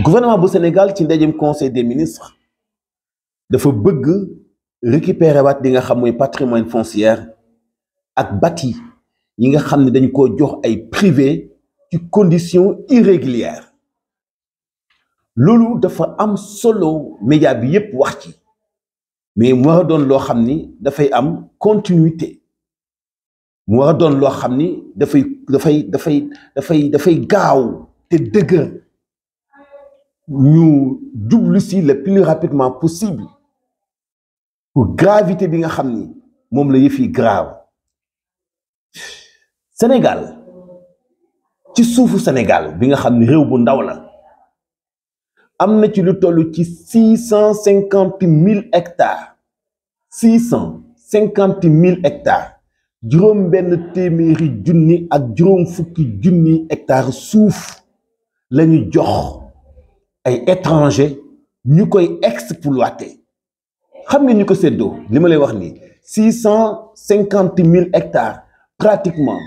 gouvernement du Sénégal ci ndajem conseil des ministres dafa bëgg récupérer waat li nga xam patrimoine foncier ak bâti yi nga xam ne dañ koo jox ay privé ci conditions irrégulières loolu dafa am solo média bi yépp wax ci mais moi war a doon de faire am continuité. am continuité mu war a doon de faire de faire de faire de faire gaaw te dëgër nous doublons si le plus rapidement possible pour gravité bien la grave Sénégal tu souffres Sénégal bien nga au ni bu ndaw la hectares 650 000 hectares juróom ben téeméeri junni ak hectares étrangers nous avons exploité. nous 650 000 hectares, pratiquement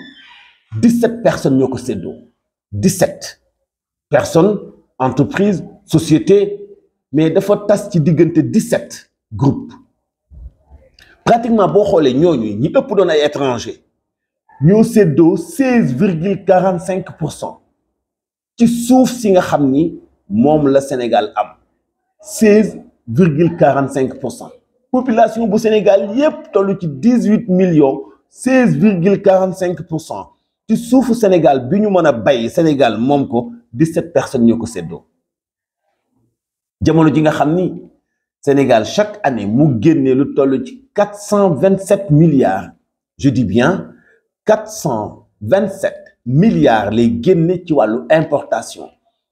17 personnes nous avons 17 personnes, entreprises, sociétés, mais 17 groupes. Pratiquement, nous nous avons étrangers. Nous avons 16,45% qui si nous avons le Sénégal 16,45% population du Sénégal yep 18 millions 16,45% tu souffres Sénégal biñu mëna bay Sénégal mom 17 personnes ñoko seddo jamono ji nga xamni Sénégal chaque année mu génné 427 milliards je dis bien 427 milliards les génné ci walu importation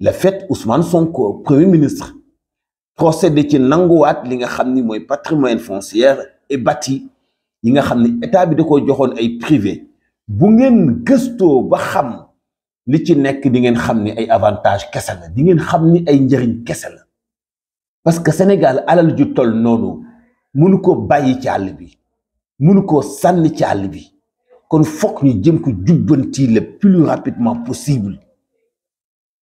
le fait Ousmane Sonko premier ministre procédé ci nanguwaat li nga xam ni patrimoine foncier et bâti yi nga xam ni état bi da koo ay privé bu ngeen gëstoo ba xam li ci nek di ngeen xamni ay avantage kese di ngeen xamni ay njëriñ kese parce que Sénégal alal ju toll noonu munu ko bayyi ci àll bi mënu koo ci àll bi kon fokk ñu jëm ko jubbanti le plus rapidement possible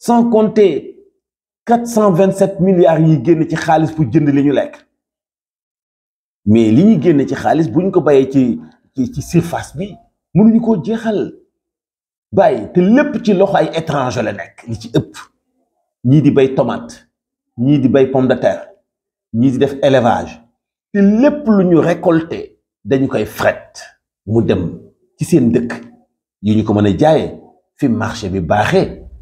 sans compter 427 milliards yi génn ci xaliss pour jënd liñu lek mais li ñuy ci xaliss buñ ko bayé ci ci surface bi mënuñu ko jéxal bàyyi té lépp ci loxo ay étranger la nek li ci ëpp ñi di bay tomate ñi di bay pomme de terre ñi di def élevage té lépp luñu ñu récolté dañu koy fret mu dem ci seen dëkk yu ñu ko mëna a fi marché bi baaxee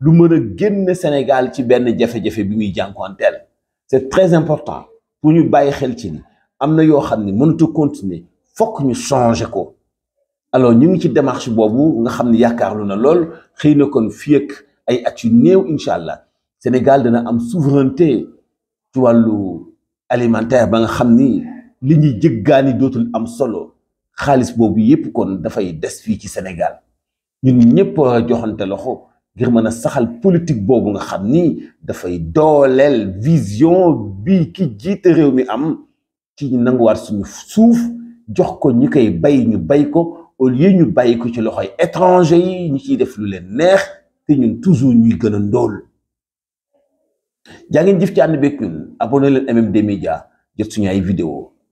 lu meuna a Sénégal ci ben jafé jafé bi muy c'est très important pour ñu bàyyi xel ci ni amna yo xamni mënu tu continuer fokk ñu changer ko alors ñu ngi ci démarche bobu nga xamni ne na lool xeyna kon fii ak ay at yu néew Sénégal dana am souveraineté ci walu alimentaire ba nga xamni li dootul am solo xaalis bobu yépp kon fay des fi ci Sénégal ñun ñëpp joxante loxo ngir mëna saxal politique bobu nga xamni da fay dolel vision bi ki jiite réew mi am ci ñu nanguwaat suñu souf jox ko ñi bay ñu bay ko au lieu ñu bàyyi ko ci loxoy étranger yi ñu ci def lu leen neex té ñun toujours ñuy gëna ndol ja ngeen jëf ci and beeg ñun abonné leen MMD Media jot suñu ay vidéo